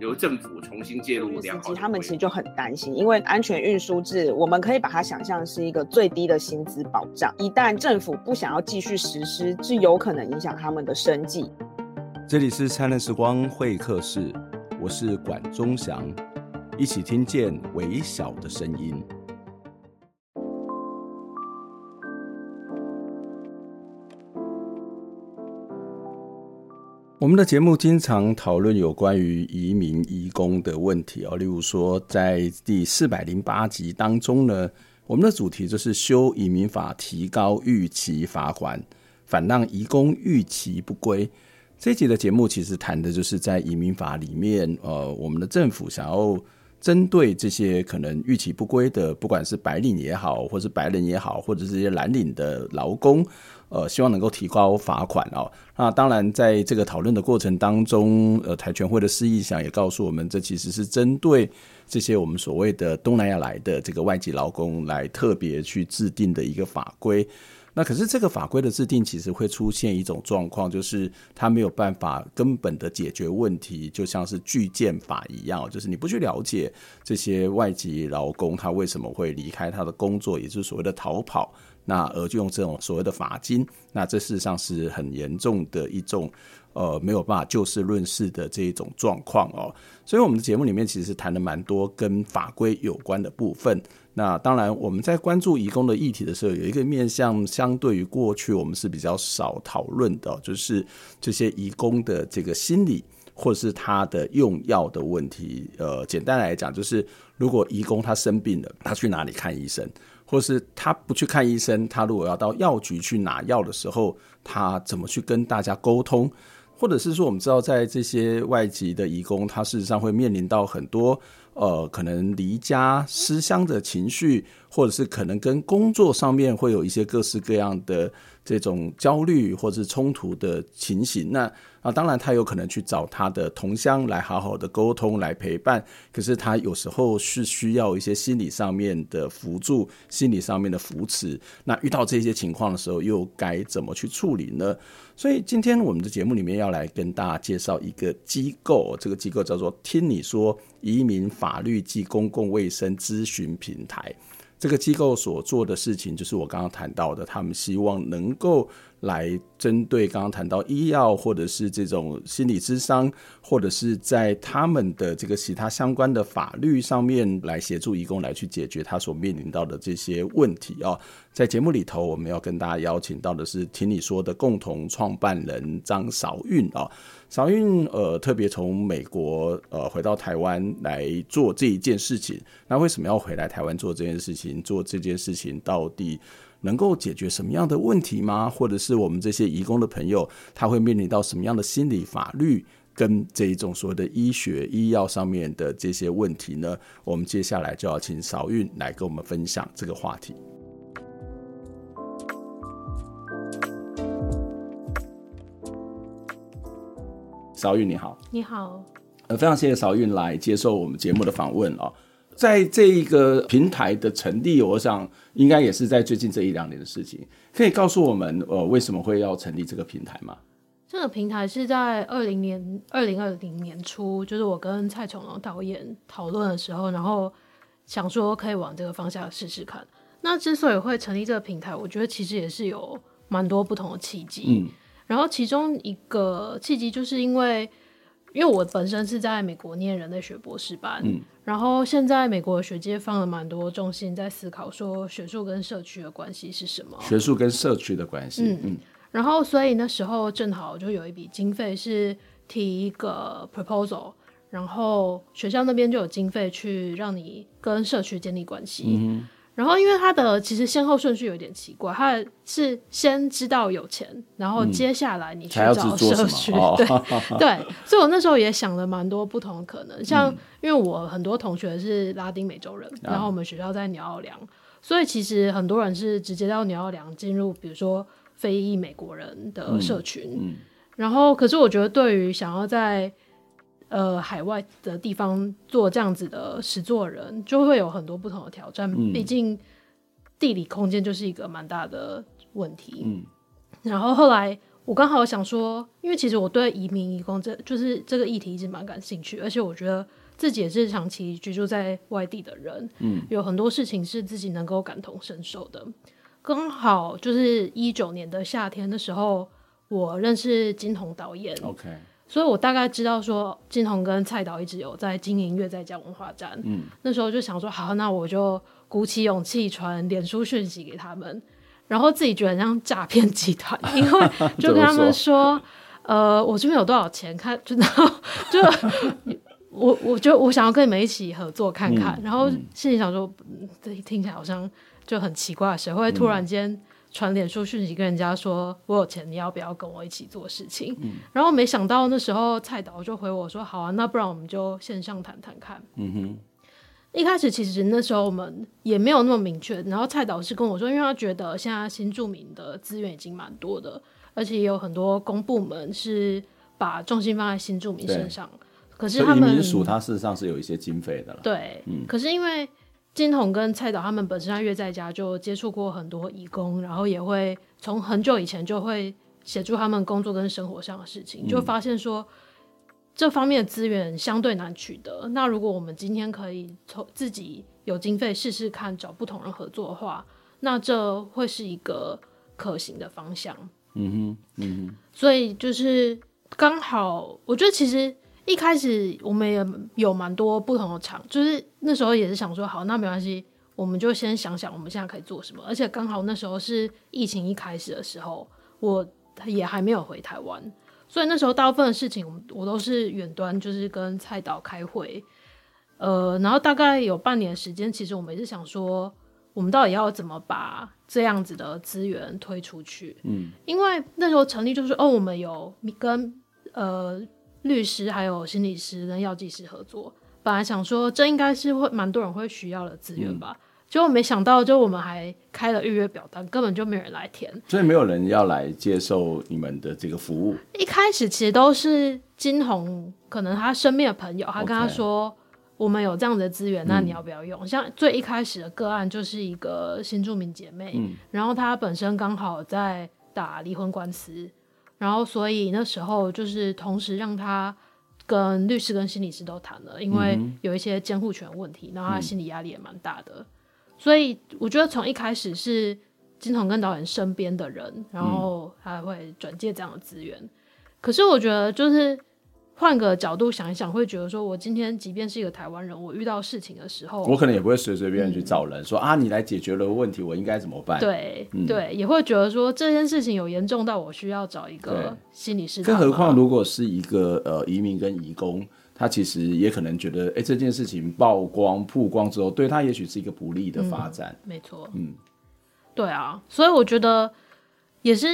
由政府重新介入，司機他們其實就很擔心，因為安全運輸制，我們可以把它想象是一個最低的薪資保障。一旦政府不想要繼續實施，是有可能影響他們的生計。這裡是燦爛時光會客室，我是管中祥，一起聽見微小的聲音。我們的節目經常討論有關於移民、移工的問題哦，例如說，在第四百零八集當中呢，我們的主題就是修移民法，提高逾期罰款，反讓移工逾期不歸。這一集的節目其實談的就是在移民法裡面，呃，我們的政府想要。針對這些可能逾期不歸的，不管是白領也好，或是白人也好，或者是這些藍領的勞工，呃，希望能夠提高罰款哦，那當然，在這個討論的過程當中，呃，台權會的施逸翔也告訴我們，這其實是針對這些我們所謂的東南亞來的這個外籍勞工來特別去制定的一個法規。那可是這個法規的制定，其實會出現一種狀況，就是它沒有辦法根本的解決問題，就像是拒建法一樣，就是你不去了解這些外籍勞工他為什麼會離開他的工作，也就是所謂的逃跑，那而就用這種所謂的罰金，那這事實上是很嚴重的一種，呃，沒有辦法就事論事的這一種狀況哦。所以我們的節目裡面其實談了蠻多跟法規有關的部分。那當然，我們在關注移工的議題的時候，有一個面向，相對於過去我們是比較少討論的，就是這些移工的這個心理，或者是他的用藥的問題。呃，簡單來講，就是如果移工他生病了，他去哪裡看醫生，或是他不去看醫生，他如果要到藥局去拿藥的時候，他怎麼去跟大家溝通，或者是說，我們知道在這些外籍的移工，他事實上會面臨到很多。呃，可能離家思鄉的情緒，或者是可能跟工作上面會有一些各式各樣的這種焦慮，或者是衝突的情形，那。啊，當然他有可能去找他的同鄉來好好的溝通、來陪伴。可是他有時候是需要一些心理上面的輔助、心理上面的扶持。那遇到這些情況的時候，又該怎麼去處理呢？所以今天我們的節目裡面要來跟大家介紹一個機構，這個機構叫做“聽你說移民法律暨公共衛生諮詢平台”。這個機構所做的事情，就是我剛剛談到的，他們希望能夠來針對剛剛談到醫藥，或者是這種心理諮商，或者是在他們的這個其他相關的法律上面來協助移工來去解決他所面臨到的這些問題哦。在節目裡頭，我們要跟大家邀請到的是聽你說的共同創辦人張韶韻。哦。韶韻，呃，特別從美國，呃，回到台灣來做這一件事情。那為什麼要回來台灣做這件事情？做這件事情到底能夠解決什麼樣的問題嗎？或者是我們這些移工的朋友，他會面臨到什麼樣的心理、法律跟這一種所謂的醫學、醫藥上面的這些問題呢？我們接下來就要請韶韻來跟我們分享這個話題。韶韻，你好，你好，呃，非常謝謝韶韻來接受我們節目的訪問哦，在這一個平台的成立，我想應該也是在最近這一兩年的事情。可以告訴我們，呃，為什麼會要成立這個平台嗎？這個平台是在二零年，二零二零年初，就是我跟蔡崇隆導演討論的時候，然後想說可以往這個方向試試看。那之所以會成立這個平台，我覺得其實也是有蠻多不同的契機。嗯。然後其中一個契機，就是因為，因為我本身是在美國念人類學博士班，嗯，然後現在美國學界放了蠻多重心在思考說，學術跟社區的關係是什麼，學術跟社區的關係，嗯嗯，然後所以那時候正好就有一筆經費是提一個 proposal，然後學校那邊就有經費去讓你跟社區建立關係，嗯然後，因為他的其實先後順序有點奇怪，他是先知道有錢，然後接下來你去找社群。嗯 oh. 對對。所以我那時候也想了蠻多不同的可能，像因為我很多同學是拉丁美洲人，嗯、然後我們學校在紐奧良，嗯、所以其實很多人是直接到紐奧良進入，比如說非裔美國人的社群。嗯嗯、然後，可是我覺得對於想要在呃，海外的地方做這樣子的實作人，就會有很多不同的挑戰。嗯、畢竟地理空間就是一個蠻大的問題。嗯、然後後來我剛好想說，因為其實我對移民、移工這，這就是這個議題一直蠻感興趣，而且我覺得自己也是長期居住在外地的人。嗯、有很多事情是自己能夠感同身受的。剛好就是一九年的夏天的時候，我認識金紅導演。OK。所以，我大概知道說，金紅跟蔡導一直有在經營越在嘉文化棧。嗯，那時候就想說，好，那我就鼓起勇氣傳臉書訊息給他們，然後自己覺得像詐騙集團，因為就跟他們說， 說呃，我這邊有多少錢，看，就真的就 我，我就我想要跟你們一起合作看看，嗯嗯、然後心裡想說，這聽起來好像就很奇怪的，誰會突然間？嗯傳臉書訊息跟人家說，我有錢，你要不要跟我一起做事情？嗯、然後沒想到那時候蔡導就回我說，好啊，那不然我們就線上談談看。嗯哼，一開始其實那時候我們也沒有那麼明確。然後蔡導是跟我說，因為他覺得現在新住民的資源已經蠻多的，而且也有很多公部門是把重心放在新住民身上。對可是他們，其實他事實上是有一些經費的啦。對，嗯、可是因為。金紅跟蔡導他們本身他越在嘉就接觸過很多移工，然後也會從很久以前就會協助他們工作跟生活上的事情，就發現說這方面的資源相對難取得。嗯、那如果我們今天可以從自己有經費試試看找不同人合作的話，那這會是一個可行的方向。嗯哼，嗯哼，所以就是剛好，我覺得其實。一開始我們也有蠻多不同的場，就是那時候也是想說，好，那沒關係，我們就先想想我們現在可以做什麼。而且剛好那時候是疫情一開始的時候，我也還沒有回台灣，所以那時候大部分的事情，我都是遠端，就是跟蔡導開會。呃，然後大概有半年的時間，其實我們也是想說，我們到底要怎麼把這樣子的資源推出去？嗯，因為那時候成立就是哦，我們有跟呃。律師、還有心理師跟藥劑師合作，本來想說這應該是會蠻多人會需要的資源吧，結果、嗯、沒想到，就我們還開了預約表單，根本就沒人來填，所以沒有人要來接受你們的這個服務。一開始其實都是金紅，可能他身邊的朋友，他跟他說，Okay. 我們有這樣子的資源，那你要不要用？嗯、像最一開始的個案，就是一個新住民姐妹，嗯、然後她本身剛好在打離婚官司。然後，所以那時候就是同時讓他跟律師、跟心理師都談了，因為有一些監護權問題，然後他心理壓力也蠻大的。嗯、所以我覺得從一開始是金紅跟導演身邊的人，然後他會轉介這樣的資源。嗯、可是我覺得就是。換個角度想一想，會覺得說，我今天即便是一個台灣人，我遇到事情的時候，我可能也不會隨隨便便去找人、嗯、說啊，你來解決了問題，我應該怎麼辦？對、嗯、對，也會覺得說這件事情有嚴重到我需要找一個心理師。更何況，如果是一個呃移民跟移工，他其實也可能覺得，哎、欸，這件事情曝光曝光之後，對他也許是一個不利的發展。沒錯，嗯，嗯對啊，所以我覺得也是。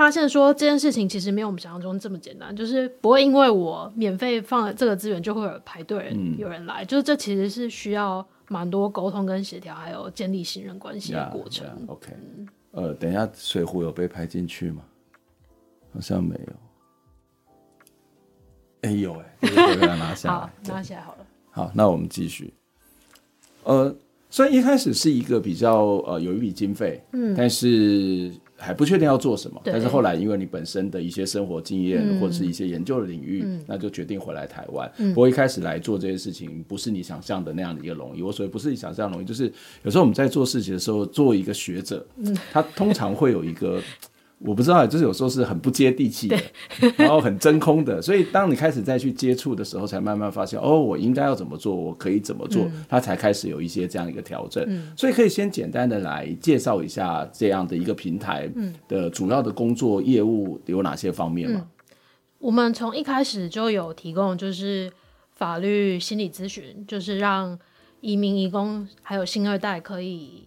發現說這件事情其實沒有我們想象中這麼簡單，就是不會因為我免費放了這個資源就會有排隊，有人來，嗯、就是這其實是需要蠻多溝通跟協調，還有建立信任關係的過程。Yeah, yeah, OK，、嗯、呃，等一下水壺有被排進去嗎？好像沒有。哎、欸、有哎、欸， 好，對拿下，拿起來好了。好，那我們繼續。呃，雖然一開始是一個比較呃有一筆經費，嗯，但是。還不確定要做什麼，對對對，但是後來因為你本身的一些生活經驗或者是一些研究的領域，嗯、那就決定回來台灣。嗯、不過一開始來做這些事情，不是你想象的那樣的一個容易。我所謂不是你想象容易，就是有時候我們在做事情的時候，做一個學者，嗯、他通常會有一個。我不知道，就是有時候是很不接地氣的，對 然後很真空的，所以當你開始再去接觸的時候，才慢慢發現哦，我應該要怎麼做，我可以怎麼做，他、嗯、才開始有一些這樣一個調整。嗯、所以可以先簡單的來介紹一下這樣的一個平台的主要的工作業務有哪些方面嗎？嗯、我們從一開始就有提供，就是法律心理諮詢，就是讓移民、移工還有新二代可以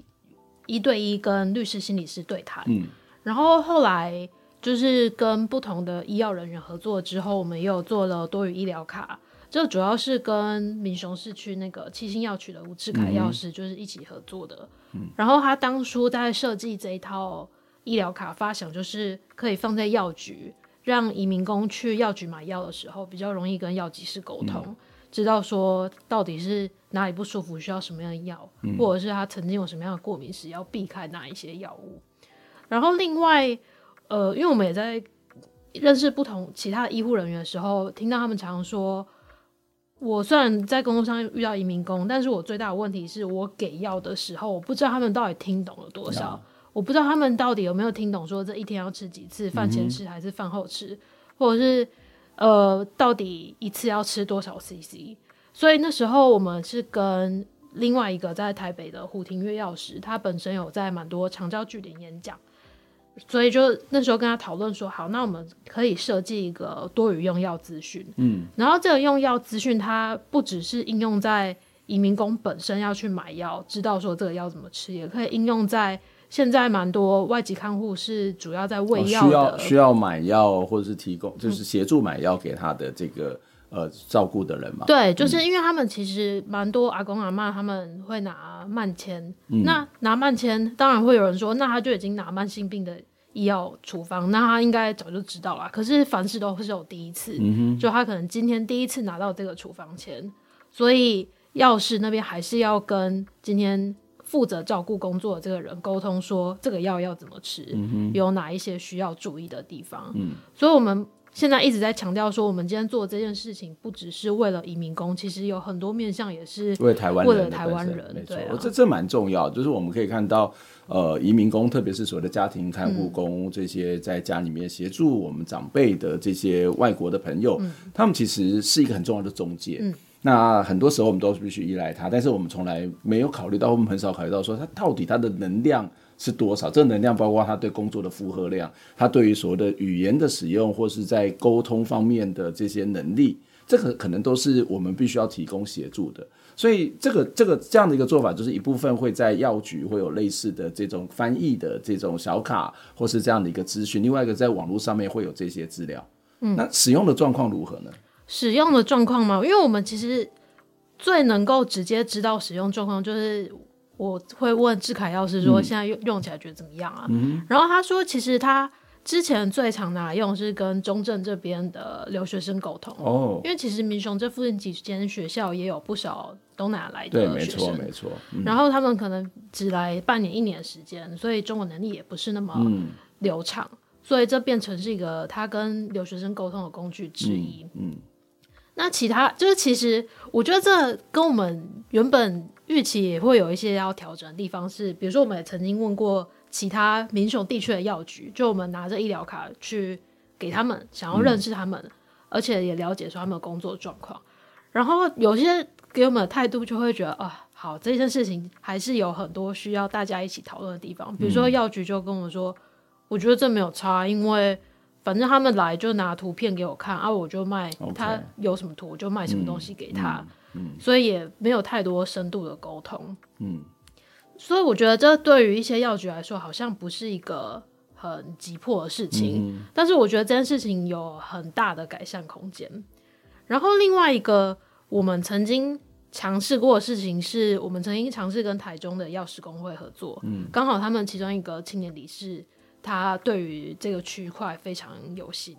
一對一跟律師、心理師對談。嗯然後後來就是跟不同的醫藥人員合作之後，我們又做了多語醫療卡。這主要是跟民雄市區那個七星藥局的吳志凱藥師，就是一起合作的。嗯、然後他當初在設計這一套醫療卡發想，就是可以放在藥局，讓移民工去藥局買藥的時候，比較容易跟藥劑師溝通，知道、嗯、說到底是哪裡不舒服，需要什麼樣的藥，嗯、或者是他曾經有什麼樣的過敏史，要避開哪一些藥物。然後另外，呃，因為我們也在認識不同其他醫護人員的時候，聽到他們常常說，我雖然在工作上遇到移民工，但是我最大的問題是我給藥的時候，我不知道他們到底聽懂了多少，啊、我不知道他們到底有沒有聽懂說這一天要吃幾次，飯前吃還是飯後吃，嗯、哼或者是呃，到底一次要吃多少 CC。所以那時候我們是跟另外一個在台北的胡廷月藥師，他本身有在蠻多長照據點演講。所以就那時候跟他討論說，好，那我們可以設計一個多語用藥資訊。嗯，然後這個用藥資訊它不只是應用在移民工本身要去買藥，知道說這個藥怎麼吃，也可以應用在現在蠻多外籍看護是主要在餵藥、哦，需要需要買藥或者是提供，就是協助買藥給他的這個。嗯呃，照顧的人嘛，對，就是因為他們其實蠻多阿公阿嬤，他們會拿慢簽，嗯、那拿慢簽，當然會有人說，那他就已經拿慢性病的醫藥處方，那他應該早就知道了。可是凡事都是有第一次，嗯、哼就他可能今天第一次拿到這個處方簽，所以藥師那邊還是要跟今天負責照顧工作的這個人溝通說，說這個藥要怎麼吃，嗯、哼有哪一些需要注意的地方。嗯，所以我們。現在一直在強調說，我們今天做這件事情不只是為了移民工，其實有很多面向也是為台灣，為了台灣人。對、啊、這這蠻重要，就是我們可以看到，呃，移民工，特別是所謂的家庭看護工、嗯、這些，在家裡面協助我們長輩的這些外國的朋友，嗯、他們其實是一個很重要的中介。嗯、那很多時候我們都必須依賴他，但是我們從來沒有考慮到，我們很少考慮到說，他到底他的能量。是多少？這能量包括他對工作的負荷量，他對於所謂的語言的使用，或是在溝通方面的這些能力，這個可能都是我們必須要提供協助的。所以，這個這個這樣的一個做法，就是一部分會在藥局會有類似的這種翻譯的這種小卡，或是這樣的一個資訊。另外一個在網絡上面會有這些資料。嗯，那使用的狀況如何呢？使用的狀況嗎？因為我們其實最能夠直接知道使用狀況，就是。我會問志凱要是說：“現在用用起來覺得怎麼樣啊？”嗯、然後他說：“其實他之前最常拿來用是跟中正這邊的留學生溝通，哦、因為其實民雄這附近幾間學校也有不少東南亞的，對、啊生沒，沒錯沒錯。嗯、然後他們可能只來半年，一年時間，所以中文能力也不是那麼流暢，嗯、所以這變成是一個他跟留學生溝通的工具之一。嗯，嗯，那其他就是其實我覺得這跟我們原本。”預期也會有一些要調整的地方是，是比如說我們也曾經問過其他民雄地區的藥局，就我們拿着醫療卡去給他們，想要認識他們，嗯、而且也了解說他們工作的狀況。然後有些給我們的態度就會覺得啊，好，這件事情還是有很多需要大家一起討論的地方。比如說藥局就跟我們說，嗯、我覺得這沒有差，因為反正他們來就拿圖片給我看，啊，我就賣他有什麼圖，Okay. 我就賣什麼東西給他。嗯嗯所以也沒有太多深度的溝通。嗯，所以我覺得這對於一些藥局來說，好像不是一個很急迫的事情。嗯嗯。但是我覺得這件事情有很大的改善空間。然後另外一個我們曾經嘗試過的事情，是我們曾經嘗試跟台中的藥師工會合作。嗯。剛好他們其中一個青年理事，他對於這個區塊非常有心。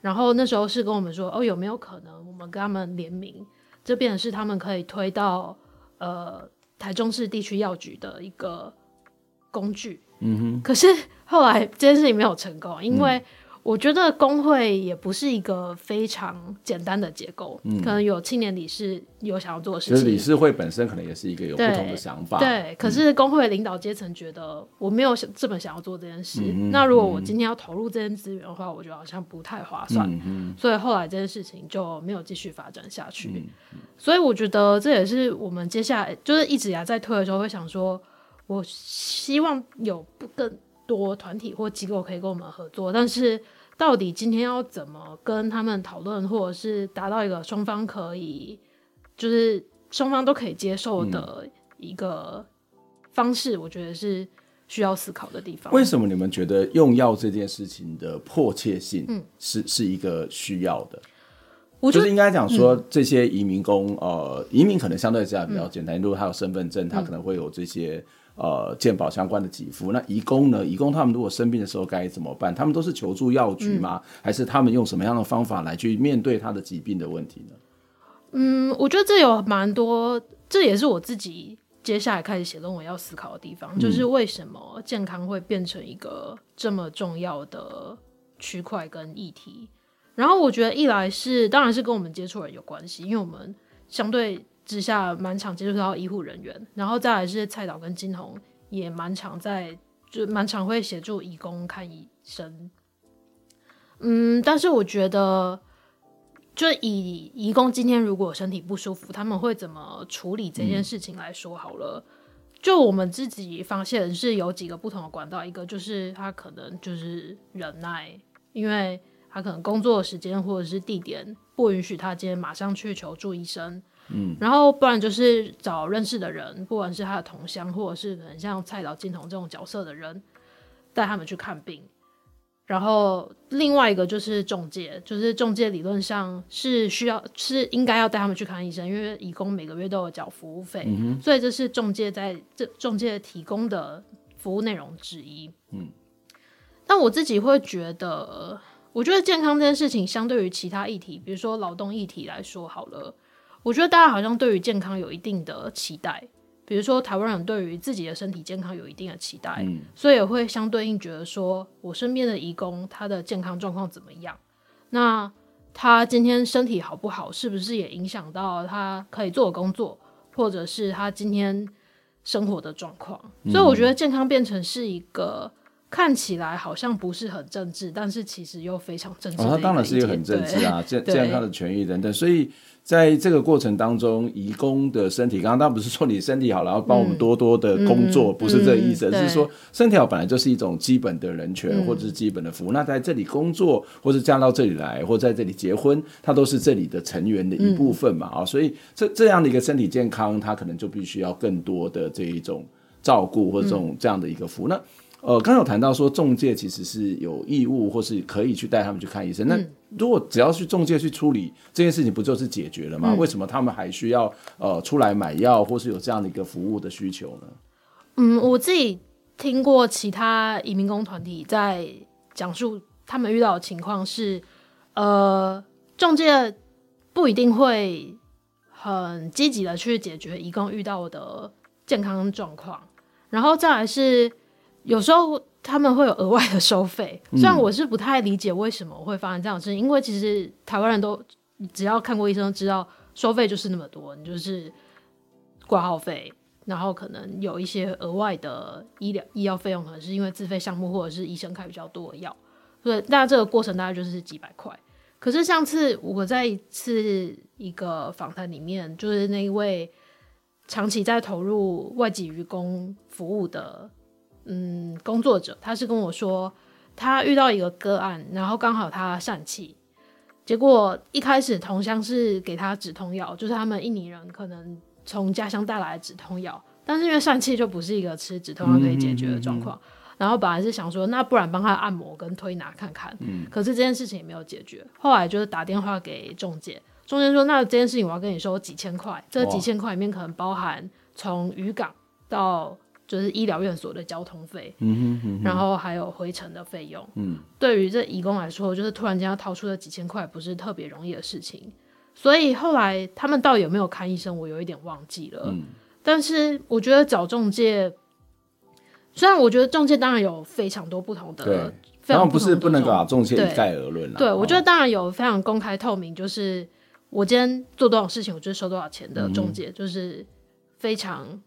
然後那時候是跟我們說：“哦，有沒有可能我們跟他們聯名？”這變成是他們可以推到呃台中市地區藥局的一個工具，嗯哼。可是後來這件事情沒有成功，因為，嗯。我覺得工會也不是一個非常簡單的結構，嗯、可能有青年理事有想要做的事情，其實理事會本身可能也是一個有不同的想法，對。對嗯、可是工會領導階層覺得我沒有這麼想要做這件事，嗯、哼那如果我今天要投入這件資源的話，嗯、哼我覺得好像不太划算，嗯、哼所以後來這件事情就沒有繼續發展下去。嗯、哼所以我覺得這也是我們接下來就是一直啊在推的時候會想說，我希望有不更多團體或機構可以跟我們合作，但是。到底今天要怎麼跟他們討論，或者是達到一個雙方可以，就是雙方都可以接受的一個方式，嗯，我覺得是需要思考的地方。為什麼你們覺得用藥這件事情的迫切性，嗯，是是一個需要的？我覺得就是應該講說，這些移民工，嗯、呃，移民可能相對之下比較簡單。嗯、如果他有身份證，嗯、他可能會有這些呃健保相關的給付。嗯、那移工呢？移工他們如果生病的時候該怎麼辦？他們都是求助藥局嗎？嗯、還是他們用什麼樣的方法來去面對他的疾病的問題呢？嗯，我覺得這有蠻多，這也是我自己接下來開始寫論文要思考的地方，嗯、就是為什麼健康會變成一個這麼重要的區塊跟議題。然後我覺得一來是，當然是跟我們接觸人有關係，因為我們相對之下蠻常接觸到醫護人員，然後再來是蔡導跟金紅也蠻常在，就蠻常會協助移工看醫生。嗯，但是我覺得，就以移工今天如果身體不舒服，他們會怎麼處理這件事情來說好了。嗯、就我們自己發現是有幾個不同的管道，一個就是他可能就是忍耐，因為。他可能工作的時間或者是地點不允許，他今天馬上去求助醫生。嗯，然後不然就是找認識的人，不管是他的同鄉，或者是很像蔡導、金紅這種角色的人，帶他們去看病。然後另外一個就是中介，就是中介理論上是需要是應該要帶他們去看醫生，因為移工每個月都有繳服務費，嗯、哼所以這是中介在這中介提供的服務內容之一。嗯，但我自己會覺得。我覺得健康這件事情，相對於其他議題，比如說勞動議題來說，好了，我覺得大家好像對於健康有一定的期待，比如說台灣人對於自己的身體健康有一定的期待，嗯、所以也會相對應覺得說我身邊的移工他的健康狀況怎麼樣，那他今天身體好不好，是不是也影響到他可以做工作，或者是他今天生活的狀況？嗯、所以我覺得健康變成是一個。看起來好像不是很政治，但是其實又非常政治一一。哦，他當然是又很政治啊，這這樣的權益等等。所以在這個過程當中，移工的身體，剛剛不是說你身體好然後幫我們多多的工作，嗯、不是這個意思，嗯嗯、是說身體好本來就是一種基本的人權，或者是基本的服務。嗯、那在這裡工作，或者嫁到這裡來，或者在這裡結婚，他都是這裡的成員的一部分嘛？啊、嗯，所以這這樣的一個身體健康，他可能就必須要更多的這一種照顧，或者這種這樣的一個服務呢。那呃，剛剛有談到說，仲介其實是有義務或是可以去帶他們去看醫生。嗯、那如果只要去仲介去處理這件事情，不就是解決了嗎？嗯、為什麼他們還需要呃出來買藥或是有這樣的一個服務的需求呢？嗯，我自己聽過其他移民工團體在講述他們遇到的情況是，呃，仲介不一定會很積極的去解決移工遇到的健康狀況，然後再來是。有時候他們會有額外的收費，雖然我是不太理解為什麼會發生這樣的事情，嗯、因為其實臺灣人都只要看過醫生，知道收費就是那麼多，你就是掛號費，然後可能有一些額外的醫療醫藥費用，可能是因為自費項目或者是醫生開比較多的藥，所以那這個過程大概就是幾百塊。可是上次我在一次一個訪談裡面，就是那一位長期在投入外籍漁工服務的。嗯，工作者，他是跟我說，他遇到一個個案，然後剛好他疝氣，結果一開始同鄉是給他止痛藥，就是他們印尼人可能從家鄉帶來的止痛藥，但是因為疝氣就不是一個吃止痛藥可以解決的狀況，嗯、哼哼哼然後本來是想說，那不然幫他按摩跟推拿看看，嗯、可是這件事情也沒有解決，後來就是打電話給中介，中介說，那這件事情我要跟你收幾千塊，這個、幾千塊裡面可能包含從漁港到。就是醫療院所的交通費，嗯哼嗯哼然後還有回程的費用，嗯、對於這移工來說，就是突然間要掏出了幾千塊，不是特別容易的事情。所以後來他們到底有沒有看醫生，我有一點忘記了。嗯、但是我覺得找中介，雖然我覺得中介當然有非常多不同的，對，然後不是不能把中介一概而論了、啊、對，對哦、我覺得當然有非常公開透明，就是我今天做多少事情，我就收多少錢的中介，嗯、就是非常。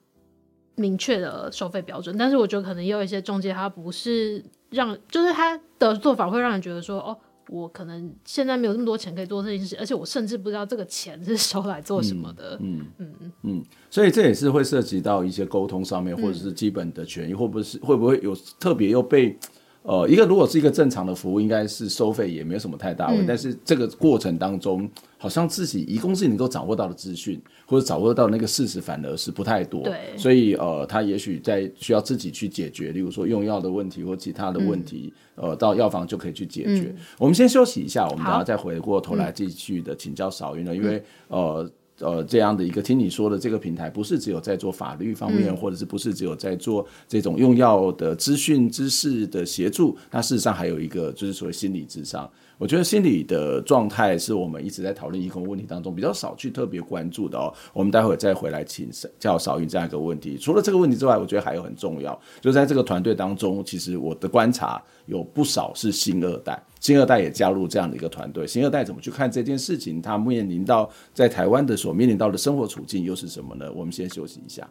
明確的收費標準，但是我覺得可能也有一些中介，他不是讓，就是他的做法會讓人覺得說，哦，我可能現在沒有那麼多錢可以做這件事情，而且我甚至不知道這個錢是收來做什麼的。嗯嗯嗯嗯，嗯嗯所以這也是會涉及到一些溝通上面，或者是基本的權益，會不會是會不會有特別又被。呃，一個如果是一個正常的服務，應該是收費也沒有什麼太大問題。嗯、但是這個過程當中，好像自己一公司能夠掌握到的資訊，或者掌握到那個事實，反而是不太多。對，所以呃，他也許在需要自己去解決，例如說用藥的問題或其他的問題，嗯、呃，到藥房就可以去解決。嗯、我們先休息一下，我們等下再回過頭來繼續的請教韶韻了，嗯、因為呃。呃，這樣的一個聽你說的這個平台，不是只有在做法律方面，嗯、或者是不是只有在做這種用藥的資訊知識的協助？那事實上還有一個就是所謂心理諮商。我覺得心理的狀態是我們一直在討論一個問題當中比較少去特別關注的哦。我們待會再回來請教韶韻這樣一個問題。除了這個問題之外，我覺得還有很重要，就在這個團隊當中，其實我的觀察有不少是新二代。新二代也加入這樣的一個團隊，新二代怎麼去看這件事情？他面臨到在台灣的所面臨到的生活處境又是什麼呢？我們先休息一下。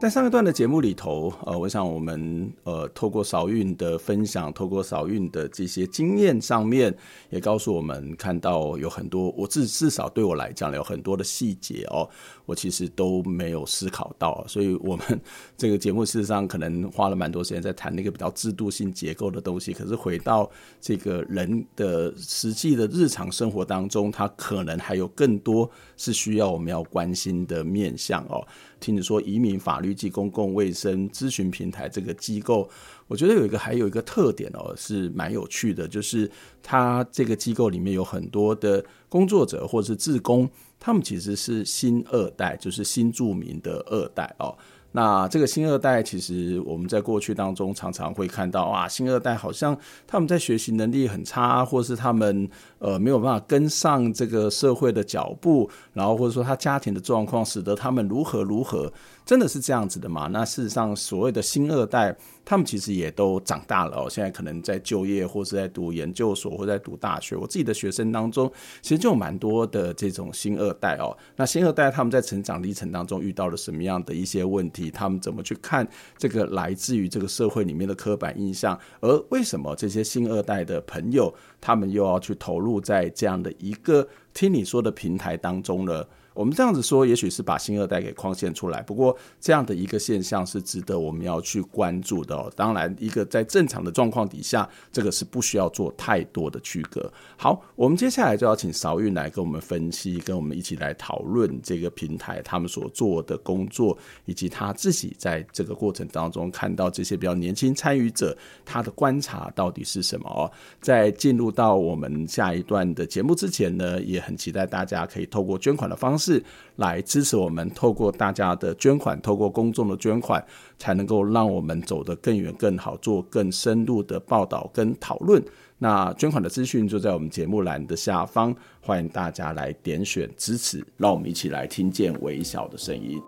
在上一段的節目裡頭，呃，我想我們呃，透過韶韻的分享，透過韶韻的這些經驗上面，也告訴我們看到有很多，我至至少對我來講，有很多的細節哦，我其實都沒有思考到。所以，我們這個節目事實上可能花了蠻多時間在談那個比較制度性結構的東西，可是回到這個人的實際的日常生活當中，他可能還有更多是需要我們要關心的面向哦。聽你說移民法律，以及公共衛生諮詢平台這個機構，我覺得有一個還有一個特點哦，是蠻有趣的，就是它這個機構裡面有很多的工作者或者是志工，他們其實是新二代，就是新住民的二代哦。那這個新二代，其實我們在過去當中常常會看到啊，新二代好像他們在學習能力很差，或是他們呃沒有辦法跟上這個社會的腳步，然後或者說他家庭的狀況使得他們如何如何。真的是這樣子的嗎？那事實上，所謂的新二代，他們其實也都長大了哦。現在可能在就業，或是在讀研究所，或者在讀大學。我自己的學生當中，其實就有蠻多的這種新二代哦。那新二代他們在成長歷程當中遇到了什麼樣的一些問題？他們怎麼去看這個來自於這個社會裡面的刻板印象？而為什麼這些新二代的朋友，他們又要去投入在這樣的一個聽你說的平台當中呢？我們這樣子說，也許是把新二代給框限出來。不過，這樣的一個現象是值得我們要去關注的哦。當然，一個在正常的狀況底下，這個是不需要做太多的區隔。好，我們接下來就要請韶韻來跟我們分析，跟我們一起來討論這個平台他們所做的工作，以及他自己在這個過程當中看到這些比較年輕參與者，他的觀察到底是什麼哦。在進入到我們下一段的節目之前呢，也很期待大家可以透過捐款的方式。是來支持我們，透過大家的捐款，透過公眾的捐款，才能夠讓我們走得更遠、更好，做更深入的報道跟討論。那捐款的資訊就在我們節目欄的下方，歡迎大家來點選支持，讓我們一起來聽見微小的聲音。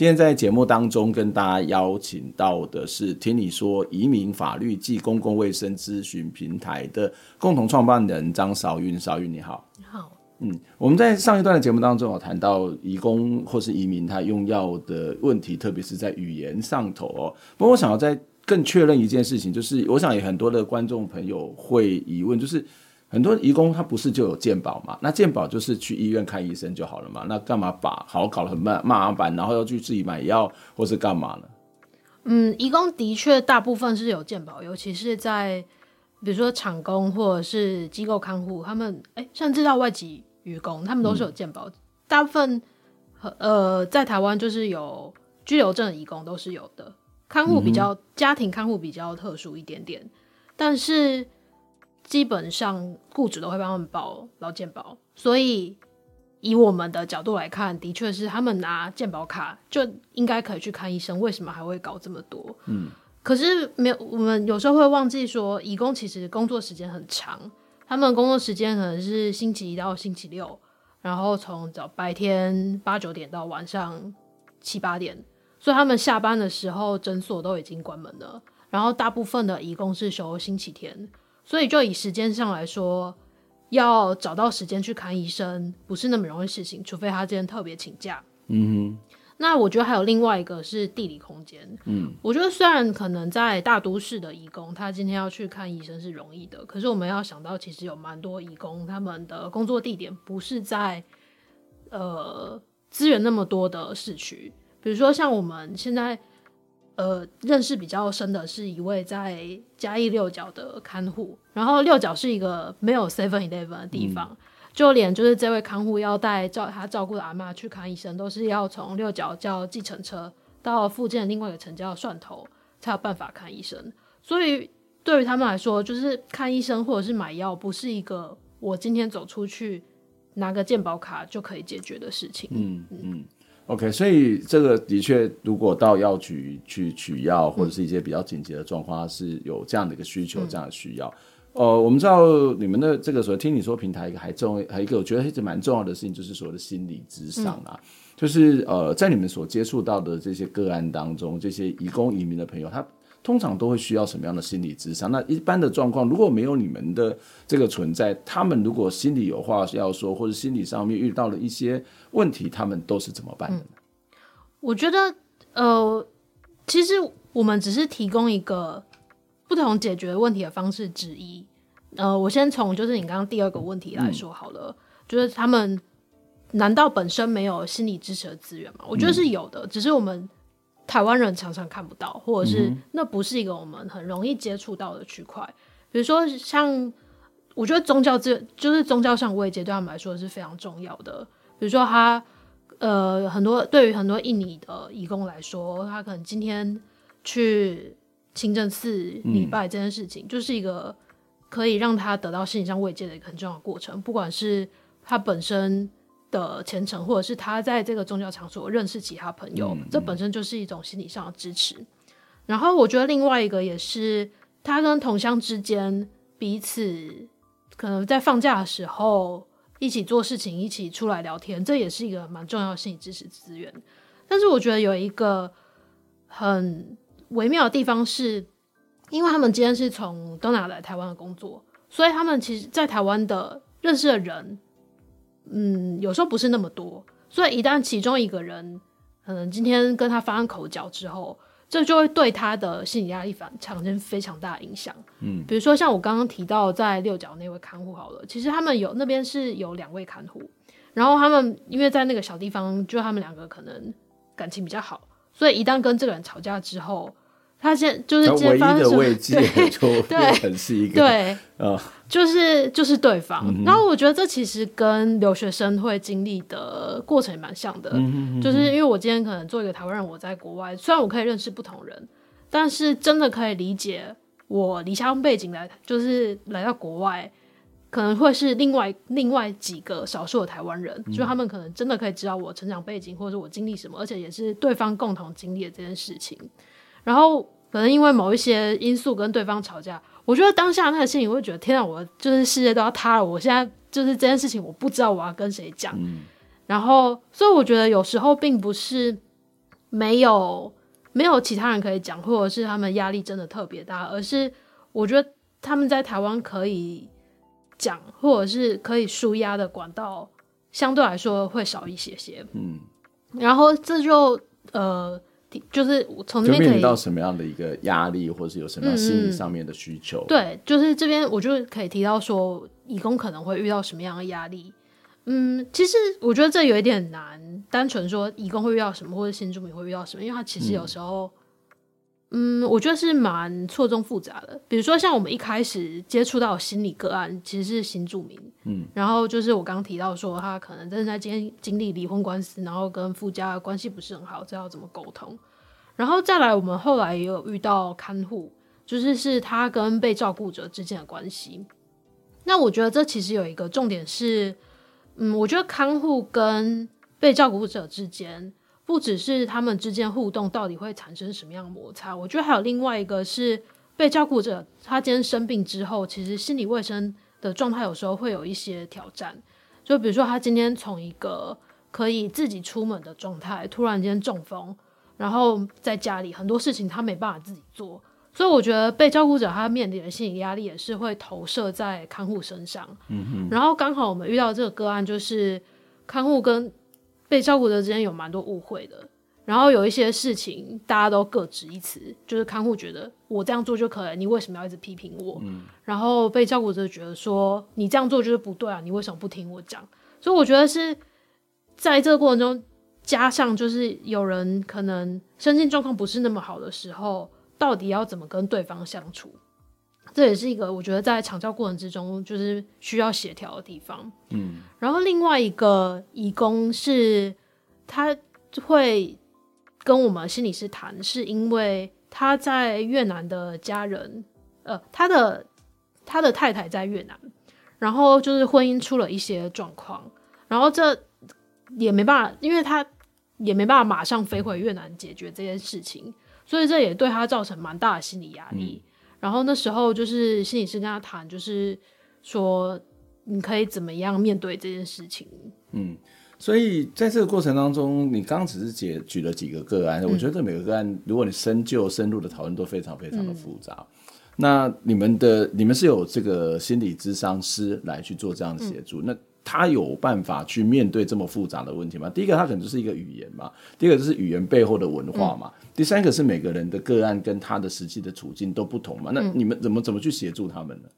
今天在節目當中跟大家邀請到的是聽你說移民法律暨公共衛生諮詢平台的共同創辦人張韶韻。韶韻你好。你好。好。嗯，我們在上一段的節目當中有談到移工或是移民他用藥的問題，特別是在語言上頭哦。不過我想要再更確認一件事情，就是我想有很多的觀眾朋友會疑問，就是。很多移工，他不是就有健保嘛？那健保就是去醫院看醫生就好了嘛？那幹嘛把好搞得很慢麻煩，然後要去自己買藥或是幹嘛呢？嗯，移工的確大部分是有健保，尤其是在比如說廠工或者是機構看護他們，哎、欸，甚至到外籍漁工他們都是有健保，嗯、大部分呃在台灣就是有居留證的移工都是有的，看護比較、嗯、哼家庭看護比較特殊一點點，但是。基本上雇主都會幫他們保勞健保，所以以我們的角度來看，的確是他們拿健保卡就應該可以去看醫生，為什麼還會搞這麼多？嗯，可是沒有我們有時候會忘記說，移工其實工作時間很長，他們工作時間可能是星期一到星期六，然後從早白天八九點到晚上七八點，所以他們下班的時候診所都已經關門了，然後大部分的移工是休星期天。所以，就以時間上來說，要找到時間去看醫生不是那麼容易事情，除非他今天特別請假。嗯哼。那我覺得還有另外一個是地理空間。嗯，我覺得雖然可能在大都市的移工，他今天要去看醫生是容易的，可是我們要想到，其實有蠻多移工他們的工作地點不是在呃資源那麼多的市區，比如說像我們現在。呃，認識比較深的是一位在嘉義六角的看護，然後六角是一個沒有 Seven Eleven 的地方，嗯、就連就是這位看護要帶照他照顧的阿媽去看醫生，都是要從六角叫計程車到附近的另外一個城叫蒜頭才有辦法看醫生，所以對於他們來說，就是看醫生或者是買藥，不是一個我今天走出去拿個健保卡就可以解決的事情。嗯嗯。嗯 OK，所以這個的確，如果到藥局去取藥，嗯、或者是一些比較緊急的狀況，是有這樣的一個需求，嗯、這樣的需要。呃，我們知道你們的這個，時候聽你說平台一個還重，還一個我覺得還蠻重要的事情，就是所謂的心理諮商啊，嗯、就是呃，在你們所接觸到的這些個案當中，這些移工移民的朋友，他。通常都會需要什麼樣的心理智商？那一般的狀況，如果沒有你們的這個存在，他們如果心裡有話要說，或者心理上面遇到了一些問題，他們都是怎麼辦的呢、嗯？我覺得，呃，其實我們只是提供一個不同解決問題的方式之一。呃，我先從就是你剛剛第二個問題來說好了，嗯、就是他們難道本身沒有心理支持的資源嗎？我覺得是有的，嗯、只是我們。台灣人常常看不到，或者是那不是一個我們很容易接觸到的區塊。嗯、比如說像，像我覺得宗教這，就是宗教上慰藉，對他們來說是非常重要的。比如說他，他呃，很多對於很多印尼的移工來說，他可能今天去清真寺禮拜這件事情，嗯、就是一個可以讓他得到心理上慰藉的一個很重要的過程。不管是他本身的前程，或者是他在這個宗教場所認識其他朋友，嗯嗯、這本身就是一種心理上的支持。然後，我覺得另外一個也是他跟同鄉之間彼此可能在放假的時候一起做事情，一起出來聊天，這也是一個蠻重要的心理支持資源。但是，我覺得有一個很微妙的地方是，因為他們今天是從東南來台灣的工作，所以他們其實在台灣的認識的人，嗯，有時候不是那麼多，所以一旦其中一個人，可、嗯、能今天跟他發生口角之後，這就會對他的心理壓力反產生非常大的影響。嗯，比如說像我剛剛提到在六角那位看護好了，其實他們有那邊是有兩位看護，然後他們因為在那個小地方，就他們兩個可能感情比較好，所以一旦跟這個人吵架之後，他先就是今天發生什麼唯一的慰藉，就變成是一個對、哦就是就是對方，嗯、哼然後我覺得這其實跟留學生會經歷的過程蠻像的，嗯哼嗯哼就是因為我今天可能做一個台灣人，我在國外，雖然我可以認識不同人，但是真的可以理解我離鄉背景來。就是來到國外可能會是另外另外幾個少數的台灣人，嗯、就他們可能真的可以知道我成長背景或者是我經歷什麼，而且也是對方共同經歷的這件事情，然後可能因為某一些因素跟對方吵架。我覺得當下那個心情，我會覺得天啊，我就是世界都要塌了。我現在就是這件事情，我不知道我要跟誰講。嗯，然後，所以我覺得有時候並不是沒有沒有其他人可以講，或者是他們壓力真的特別大，而是我覺得他們在台灣可以講，或者是可以舒壓的管道相對來說會少一些些。嗯，然後這就呃。就是從這邊可以到什麼樣的一個壓力，或是有什麼心理上面的需求？嗯、對，就是這邊我就可以提到說，移工可能會遇到什麼樣的壓力？嗯，其實我覺得這有一點難，單純說移工會遇到什麼，或者新住民會遇到什麼，因為他其實有時候。嗯嗯，我覺得是蠻錯綜複雜的。比如說，像我們一開始接觸到心理個案，其實是新住民，嗯，然後就是我剛剛提到說，他可能正在經經歷離婚官司，然後跟夫家關係不是很好，這要怎麼溝通？然後再來，我們後來也有遇到看護，就是是他跟被照顧者之間的關係。那我覺得這其實有一個重點是，嗯，我覺得看護跟被照顧者之間。不只是他們之間互動到底會產生什麼樣的摩擦，我覺得還有另外一個是被照顧者他今天生病之後，其實心理衛生的狀態有時候會有一些挑戰。就比如說他今天從一個可以自己出門的狀態，突然間中風，然後在家裡很多事情他沒辦法自己做，所以我覺得被照顧者他面臨的心理壓力也是會投射在看護身上。嗯哼，然後剛好我們遇到這個個案就是看護跟。被照顧者之間有蠻多誤會的，然後有一些事情大家都各執一詞，就是看護覺得我這樣做就可以，你為什麼要一直批評我？嗯、然後被照顧者覺得說你這樣做就是不對啊，你為什麼不聽我講？所以我覺得是在這個過程中，加上就是有人可能身心狀況不是那麼好的時候，到底要怎麼跟對方相處？這也是一個我覺得在長教過程之中就是需要協調的地方。嗯，然後另外一個移工是他會跟我們心理師談，是因為他在越南的家人，呃，他的他的太太在越南，然後就是婚姻出了一些狀況，然後這也沒辦法，因為他也沒辦法馬上飛回越南解決這件事情，所以這也對他造成蠻大的心理壓力。嗯然後那時候就是心理師跟他談，就是說你可以怎麼樣面對這件事情。嗯，所以在這個過程當中，你剛只是解舉了幾個個案，嗯、我覺得每個個案，如果你深究、深入的討論，都非常非常的複雜。嗯、那你們的你們是有這個心理諮商師來去做這樣的協助，嗯、那。他有辦法去面對這麼複雜的問題嗎？第一個，他可能就是一個語言嘛，第二個，就是語言背後的文化嘛，嗯、第三個，是每個人的個案跟他的實際的處境都不同嘛。嗯、那你們怎麼怎麼去協助他們呢？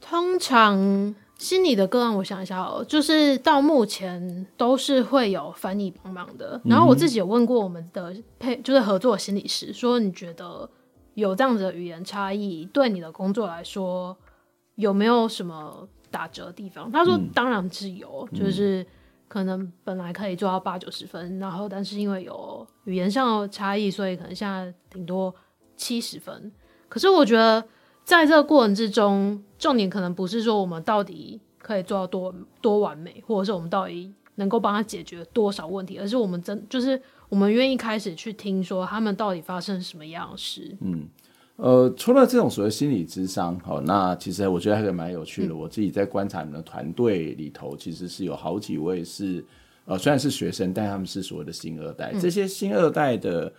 通常心理的個案，我想一下喔，就是到目前都是會有翻譯幫忙的。然後我自己有問過我們的配，就是合作心理師，說你覺得有這樣子的語言差異，對你的工作來說有沒有什麼？打折的地方，他說當然是有，嗯、就是可能本來可以做到八九十分，嗯、然後但是因為有語言上的差異，所以可能現在頂多七十分。可是我覺得在這個過程之中，重點可能不是說我們到底可以做到多多完美，或者是我們到底能夠幫他解決多少問題，而是我們真就是我們願意開始去聽說他們到底發生什麼樣子。嗯。呃，除了這種所謂心理諮商，好、哦，那其實我覺得還是蠻有趣的。嗯、我自己在觀察你們的團隊裡頭，其實是有好幾位是，呃，雖然是學生，但他們是所謂的新二代。嗯、這些新二代的，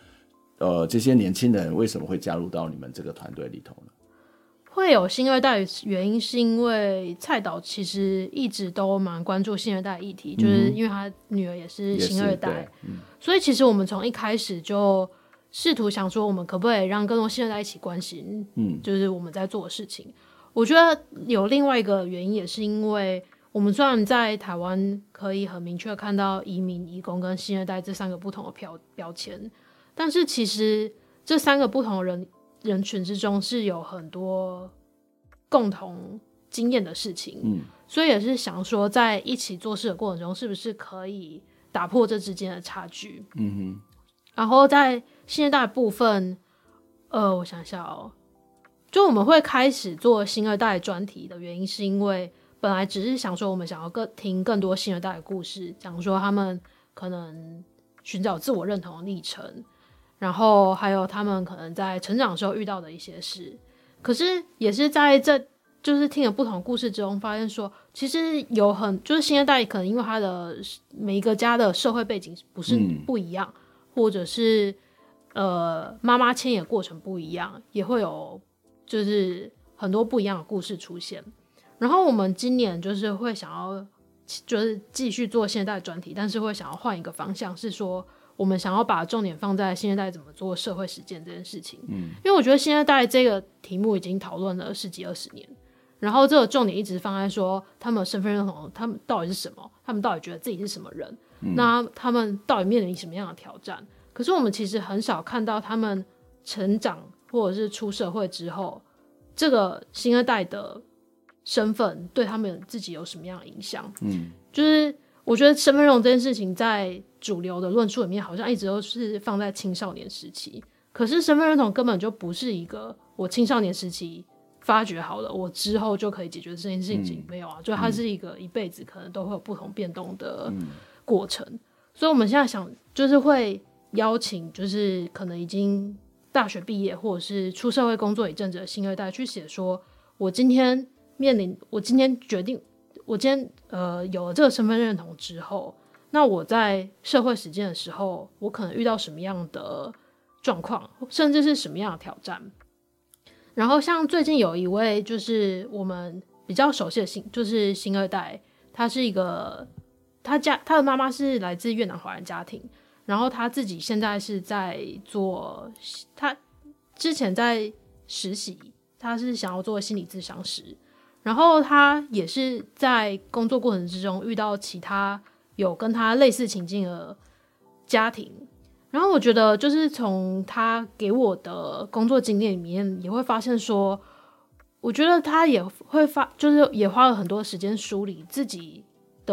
呃，這些年輕人為什麼會加入到你們這個團隊裡頭呢？會有新二代原因，是因為蔡導其實一直都蠻關注新二代的議題，嗯、就是因為他女兒也是新二代，嗯、所以其實我們從一開始就。試圖想說，我們可不可以讓更多新二代一起關心，嗯，就是我們在做的事情。我覺得有另外一個原因，也是因為我們雖然在台灣可以很明確看到移民、移工跟新二代這三個不同的標標籤，但是其實這三個不同的人人群之中是有很多共同經驗的事情，嗯，所以也是想說，在一起做事的過程中，是不是可以打破這之間的差距？嗯哼。然後在新二代的部分，呃，我想一下哦，就我們會開始做新二代專題的原因，是因為本來只是想說我們想要更聽更多新二代的故事，講說他們可能尋找自我認同的歷程，然後還有他們可能在成長的時候遇到的一些事。可是也是在這就是聽了不同故事之中，發現說其實有很就是新二代可能因為他的每一個家的社會背景不是不一樣。嗯或者是，呃，媽媽遷移過程不一樣，也會有就是很多不一樣的故事出現。然後我們今年就是會想要，就是繼續做現代專題，但是會想要換一個方向，是說我們想要把重點放在現在怎麼做社會實踐這件事情。嗯，因為我覺得現在大概這個題目已經討論了十幾二十年，然後這個重點一直放在說他們身份認同，他們到底是什麼，他們到底覺得自己是什麼人。那他們到底面臨什麼樣的挑戰？嗯，可是我們其實很少看到他們成長或者是出社會之後，這個新二代的身份對他們自己有什麼樣的影響？嗯，就是我覺得身份認同這件事情在主流的論述裡面好像一直都是放在青少年時期，可是身份認同根本就不是一個我青少年時期發掘好了，我之後就可以解決這件事情，嗯，沒有啊，就它是一個一輩子可能都會有不同變動的。嗯嗯過程，所以我們現在想就是會邀請，就是可能已經大學畢業或者是出社會工作一陣子的新二代去寫說，說我今天面臨，我今天決定，我今天呃有了這個身份認同之後，那我在社會實踐的時候，我可能遇到什麼樣的狀況，甚至是什麼樣的挑戰。然後像最近有一位就是我們比較熟悉的新，就是新二代，他是一個。他家，他的媽媽是來自越南華人家庭，然後他自己現在是在做，他之前在實習，他是想要做心理諮商師，然後他也是在工作過程之中遇到其他有跟他類似情境的家庭，然後我覺得就是從他給我的工作經驗裡面也會發現說，我覺得他也會發，就是也花了很多時間梳理自己。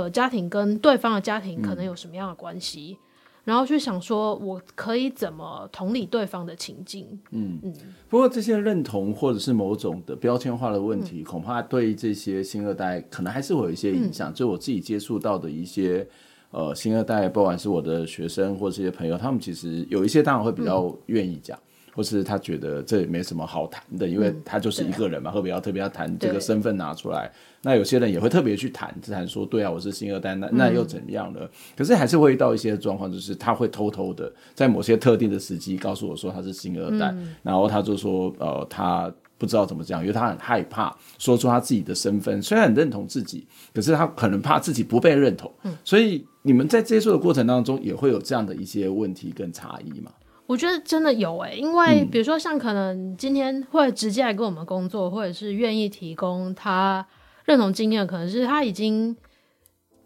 的家庭跟對方的家庭可能有什麼樣的關係？嗯、然後去想說，我可以怎麼同理對方的情境？嗯嗯。嗯，不過這些認同或者是某種的標籤化的問題，嗯、恐怕對於這些新二代可能還是會有一些影響。嗯、就我自己接觸到的一些呃新二代，不管是我的學生或者一些朋友，他們其實有一些當然會比較願意講。嗯或是他覺得這也沒什麼好談的，因為他就是一個人嘛，特別要特別要談這個身份拿出來。對那有些人也會特別去談，只談說對啊，我是新二代，那那又怎麼樣呢？嗯、可是還是會遇到一些狀況，就是他會偷偷的在某些特定的時機告訴我說他是新二代，嗯、然後他就說呃，他不知道怎麼講，因為他很害怕說出他自己的身份。雖然很認同自己，可是他可能怕自己不被認同。嗯、所以你們在接觸的過程當中也會有這樣的一些問題跟差異嘛？我覺得真的有誒、欸，因為比如說像可能今天會直接來跟我們工作，嗯、或者是願意提供他認同經驗，可能是他已經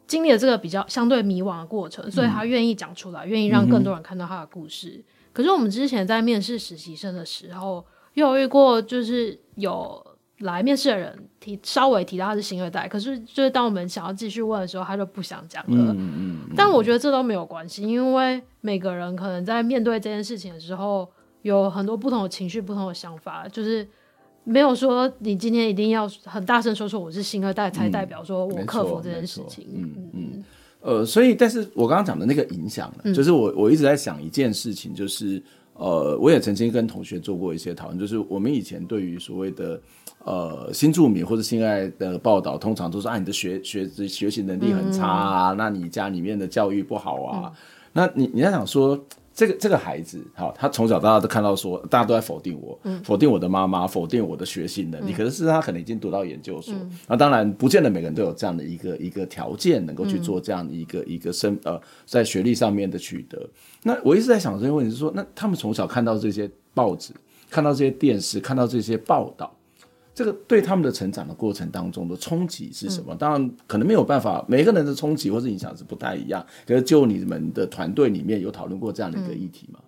經歷了這個比較相對迷惘的過程，嗯、所以他願意講出來，願意讓更多人看到他的故事。嗯、哼可是我們之前在面試實習生的時候，也有遇過，就是有。來面試的人提稍微提到他是新二代，可是就是當我們想要繼續問的時候，他就不想講了。嗯嗯。嗯嗯，但我覺得這都沒有關係，嗯、因為每個人可能在面對這件事情的時候，有很多不同的情緒、不同的想法，就是沒有說你今天一定要很大聲說說我是新二代，嗯、才代表說我克服這件事情。嗯嗯。嗯呃，所以，但是我剛剛講的那個影響，嗯、就是我我一直在想一件事情，就是呃，我也曾經跟同學做過一些討論，就是我們以前對於所謂的。呃，新著名或者現在的報道，通常都是啊，你的學學學習能力很差啊，嗯、那你家裡面的教育不好啊，嗯、那你你在想說，這個這個孩子，好、哦，他從小大家都看到說，大家都在否定我，嗯、否定我的媽媽，否定我的學習能力，嗯、可是是他可能已經讀到研究所，嗯、那當然不見得每個人都有這樣的一個一個條件能夠去做這樣的一個、嗯、一個生呃，在學歷上面的取得。那我一直在想這些問題，是說，那他們從小看到這些報紙，看到這些電視，看到這些報道。這個對他們的成長的過程當中的衝擊是什麼？嗯、當然，可能沒有辦法，每個人的衝擊或是影響是不太一樣。可是，就你們的團隊裡面有討論過這樣的一個議題嗎？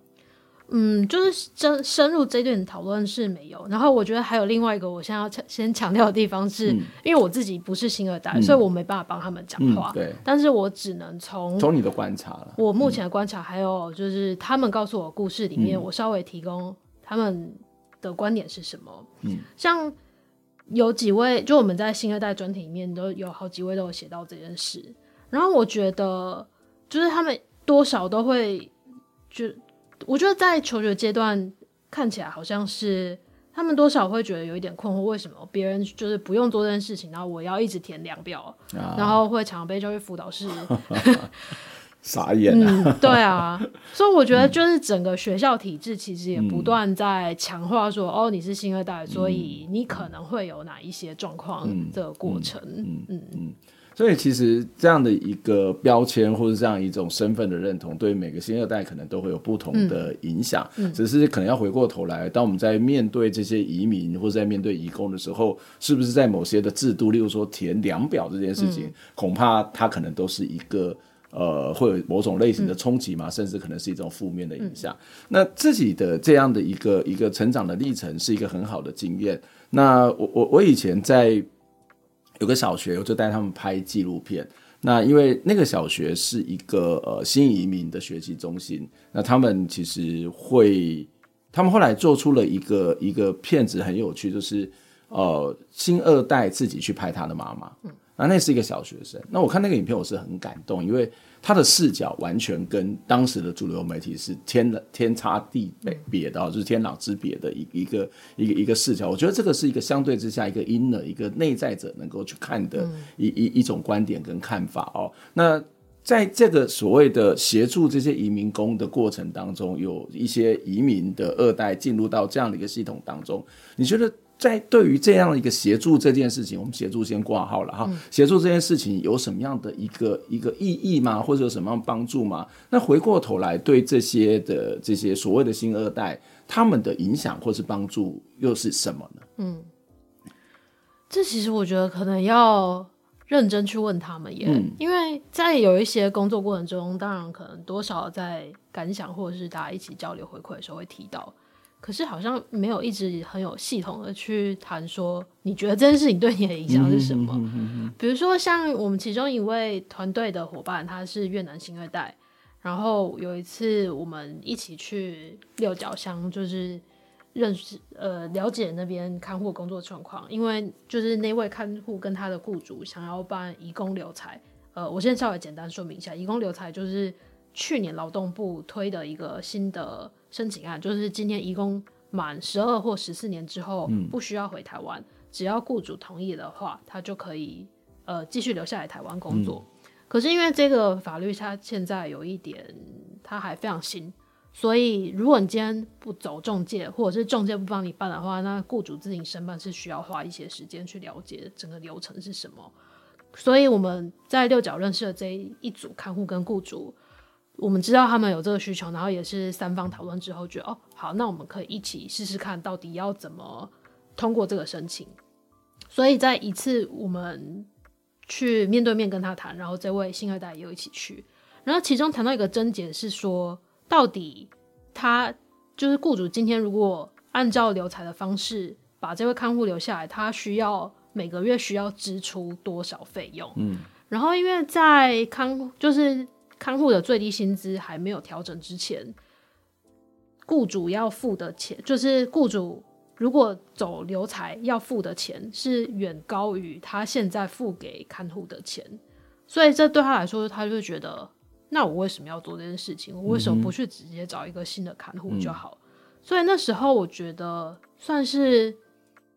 嗯，就是深深入這一段討論是沒有。然後，我覺得還有另外一個，我現在要先強調的地方是，嗯、因為我自己不是新二代，嗯、所以我沒辦法幫他們講話。嗯、對，但是我只能從從你的觀察了。我目前的觀察還有就是，他們告訴我的故事裡面，嗯、我稍微提供他們的觀點是什麼。嗯，像。有幾位，就我們在新二代專題裡面都有好幾位都有寫到這件事，然後我覺得就是他們多少都會，就我覺得在求學階段看起來好像是他們多少會覺得有一點困惑，為什麼別人就是不用做這件事情，然後我要一直填量表，啊、然後會常被叫去輔導室。 傻眼啊、 嗯！對啊，所以我覺得就是整個學校體制其實也不斷在強化說，嗯、哦，你是新二代，嗯、所以你可能會有哪一些狀況的過程。嗯嗯嗯，嗯嗯嗯嗯，所以其實這樣的一個標籤或者這樣一種身份的認同，對每個新二代可能都會有不同的影響。嗯嗯、只是可能要回過頭來，當我們在面對這些移民或者在面對移工的時候，是不是在某些的制度，例如說填量表這件事情，嗯、恐怕它可能都是一個。呃，會有某種類型的衝擊嘛，嗯、甚至可能是一種負面的影響。嗯、那自己的這樣的一個一個成長的歷程，是一個很好的經驗。嗯、那我我我以前在有個小學，我就帶他們拍紀錄片。那因為那個小學是一個呃新移民的學習中心，那他們其實會，他們後來做出了一個一個片子，很有趣，就是呃新二代自己去拍他的媽媽。嗯那那是一個小學生，那我看那個影片我是很感動，因為他的視角完全跟當時的主流媒體是天天差地別別的、哦，就是天壤之別的一，一一個一個一個視角。我覺得這個是一個相對之下一個 inner 一個內在者能夠去看的一、嗯、一一種觀點跟看法哦。那在這個所謂的協助這些移民工的過程當中，有一些移民的二代進入到這樣的一個系統當中，你覺得？在對於這樣的一個協助這件事情，我們協助先掛號了哈。嗯、協助這件事情有什麼樣的一個一個意義嗎？或者有什麼樣幫助嗎？那回過頭來，對這些的這些所謂的新二代，他們的影響或是幫助又是什麼呢？嗯，這其實我覺得可能要認真去問他們耶，嗯、因為在有一些工作過程中，當然可能多少在感想或者是大家一起交流回饋的時候會提到。可是好像沒有一直很有系統的去談說，你覺得這件事情對你的影響是什麼？比如說像我們其中一位團隊的伙伴，他是越南新二代，然後有一次我們一起去六腳鄉，就是認識呃了解那邊看護工作狀況，因為就是那位看護跟他的雇主想要辦移工留才，呃，我先稍微簡單說明一下，移工留才就是去年勞動部推的一個新的。申請案，就是今年移工滿十二或十四年之後，不需要回台灣，嗯、只要雇主同意的話，他就可以呃繼續留下來台灣工作。嗯、可是因為這個法律它現在有一點，它還非常新，所以如果你今天不走仲介，或者是仲介不幫你辦的話，那雇主自己申辦是需要花一些時間去了解整個流程是什麼。所以我們在六角認識的這一組看護跟雇主，我們知道他們有這個需求，然後也是三方討論之後，覺得哦好，那我們可以一起試試看，到底要怎麼通過這個申請。所以在一次我們去面對面跟他談，然後這位新二代也一起去，然後其中談到一個症結是說，到底他就是雇主今天如果按照留才的方式把這位看護留下來，他需要每個月需要支出多少費用？嗯，然後因為在康就是，看護的最低薪資還沒有調整之前，雇主要付的錢，就是雇主如果走留才要付的錢，是遠高於他現在付給看護的錢，所以這對他來說，他就覺得，那我為什麼要做這件事情？我為什麼不去直接找一個新的看護就好？所以那時候我覺得，算是，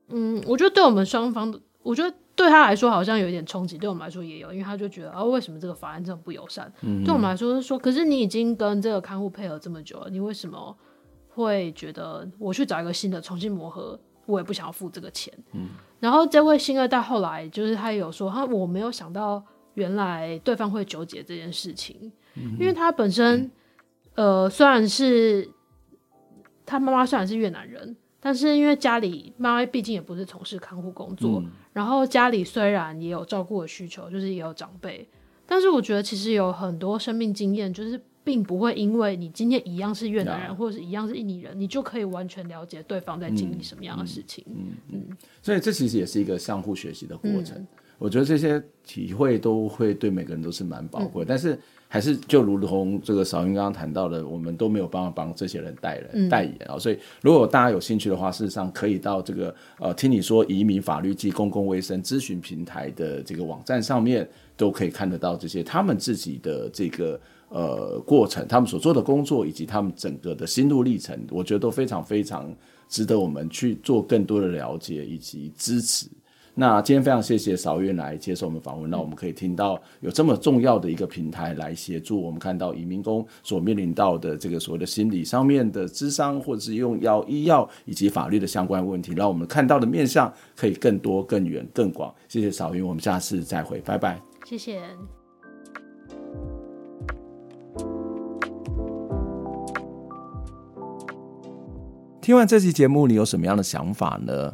嗯，我覺得對我們雙方的。我覺得對他來說好像有一點衝擊，對我們來說也有，因為他就覺得啊、哦，為什麼這個法案這麼不友善？嗯、哼對我們來說是說，可是你已經跟這個看護配合這麼久了，你為什麼會覺得我去找一個新的重新磨合，我也不想要付這個錢？嗯、然後這位新二代後來就是他有說他，我沒有想到原來對方會糾結這件事情，嗯、哼因為他本身、嗯、呃雖然是他媽媽雖然是越南人。但是因為家裡媽媽畢竟也不是從事看護工作，嗯、然後家裡雖然也有照顧的需求，就是也有長輩，但是我覺得其實有很多生命經驗，就是並不會因為你今天一樣是越南人，啊、或者是一樣是印尼人，你就可以完全了解對方在經歷什麼樣的事情。嗯嗯，嗯嗯嗯，所以這其實也是一個相互學習的過程。嗯、我覺得這些體會都會對每個人都是蠻寶貴，嗯、但是。還是就如同這個韶韻剛剛談到的，我們都沒有辦法幫這些人代人代言啊。所以，如果大家有興趣的話，事實上可以到這個呃，聽你說移民法律暨公共衛生諮詢平台的這個網站上面，都可以看得到這些他們自己的這個呃過程，他們所做的工作以及他們整個的心路歷程，我覺得都非常非常值得我們去做更多的了解以及支持。那今天非常謝謝韶韻來接受我們訪問。那我們可以聽到有這麼重要的一個平台來協助我們看到移民工所面臨到的這個所謂的心理上面的諮商，或者是用藥醫藥以及法律的相關問題，讓我們看到的面向可以更多、更遠、更廣。謝謝韶韻，我們下次再會，拜拜。謝謝。聽完這期節目，你有什麼樣的想法呢？